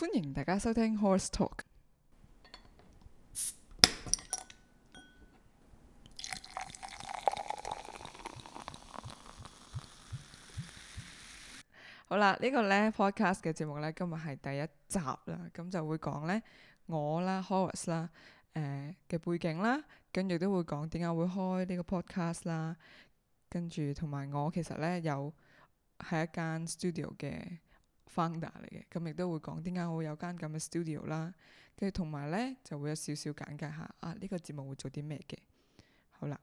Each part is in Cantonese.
歡迎大家收聽 Horis Talk。好啦，呢個咧 Podcast 嘅節目咧，今日係第一集啦。咁就會講咧我啦，Horis 啦，誒嘅背景啦，跟住都會講點解會開呢個 Podcast 啦，跟住同埋我其實咧有喺一間 studio 嘅。founder 嚟嘅，咁亦都會講點解我會有間咁嘅 studio 啦，跟住同埋咧就會有少少簡介下啊呢個節目會做啲咩嘅。好啦，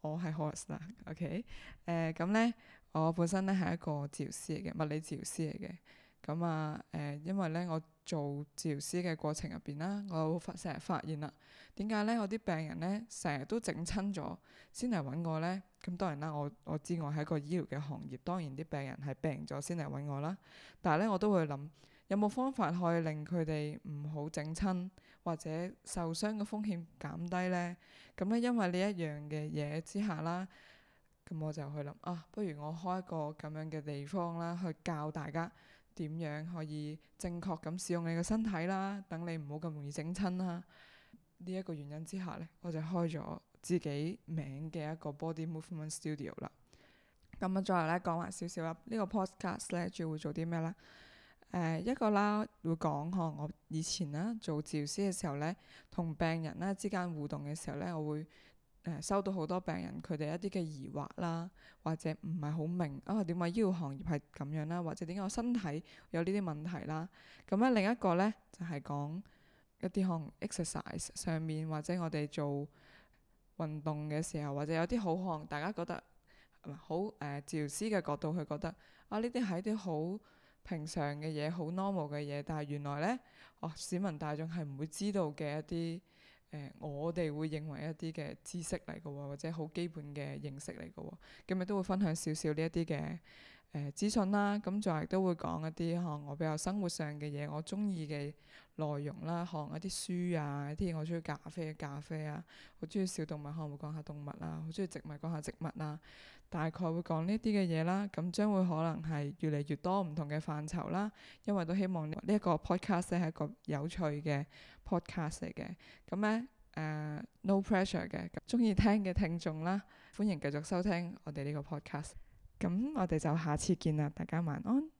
我係 Horis 啦，OK，誒咁咧我本身咧係一個治療師嚟嘅，物理治療師嚟嘅。咁啊，誒、嗯，因為咧，我做治療師嘅過程入邊啦，我成日發現啦，點解咧我啲病人咧成日都整親咗先嚟揾我咧？咁當然啦，我我知我係一個醫療嘅行業，當然啲病人係病咗先嚟揾我啦。但係咧，我都會諗有冇方法可以令佢哋唔好整親或者受傷嘅風險減低咧？咁咧，因為呢一樣嘅嘢之下啦，咁我就去諗啊，不如我開一個咁樣嘅地方啦，去教大家。點樣可以正確咁使用你嘅身體啦？等你唔好咁容易整親啦。呢、這、一個原因之下呢，我就開咗自己名嘅一個 body movement studio 啦。咁啊、嗯，最後咧講埋少少啦。這個、呢個 podcast 咧主要會做啲咩咧？誒、呃、一個啦，會講呵，我以前啦做治療師嘅時候咧，同病人啦之間互動嘅時候咧，我會。誒收到好多病人，佢哋一啲嘅疑惑啦，或者唔係好明啊點解醫療行業係咁樣啦，或者點解我身體有呢啲問題啦。咁、啊、咧另一個咧就係、是、講一啲可能 exercise 上面，或者我哋做運動嘅時候，或者有啲好可能，大家覺得好誒、呃、治療師嘅角度去覺得啊呢啲係一啲好平常嘅嘢，好 normal 嘅嘢，但係原來咧，哦市民大眾係唔會知道嘅一啲。誒、呃，我哋會認為一啲嘅知識嚟嘅喎，或者好基本嘅認識嚟嘅喎，咁亦都會分享少少呢一啲嘅。誒資訊啦，咁仲係都會講一啲呵、嗯，我比較生活上嘅嘢，我中意嘅內容啦，學一啲書啊，一啲我中意咖啡嘅咖啡啊，我中意小動物，可能會講下動物啦、啊，好中意植物，講下植物啦、啊，大概會講呢啲嘅嘢啦，咁、嗯、將會可能係越嚟越多唔同嘅範疇啦，因為都希望呢一個 podcast 係一個有趣嘅 podcast 嚟嘅，咁咧誒 no pressure 嘅，中、嗯、意聽嘅聽眾啦，歡迎繼續收聽我哋呢個 podcast。咁我哋就下次見啦，大家晚安。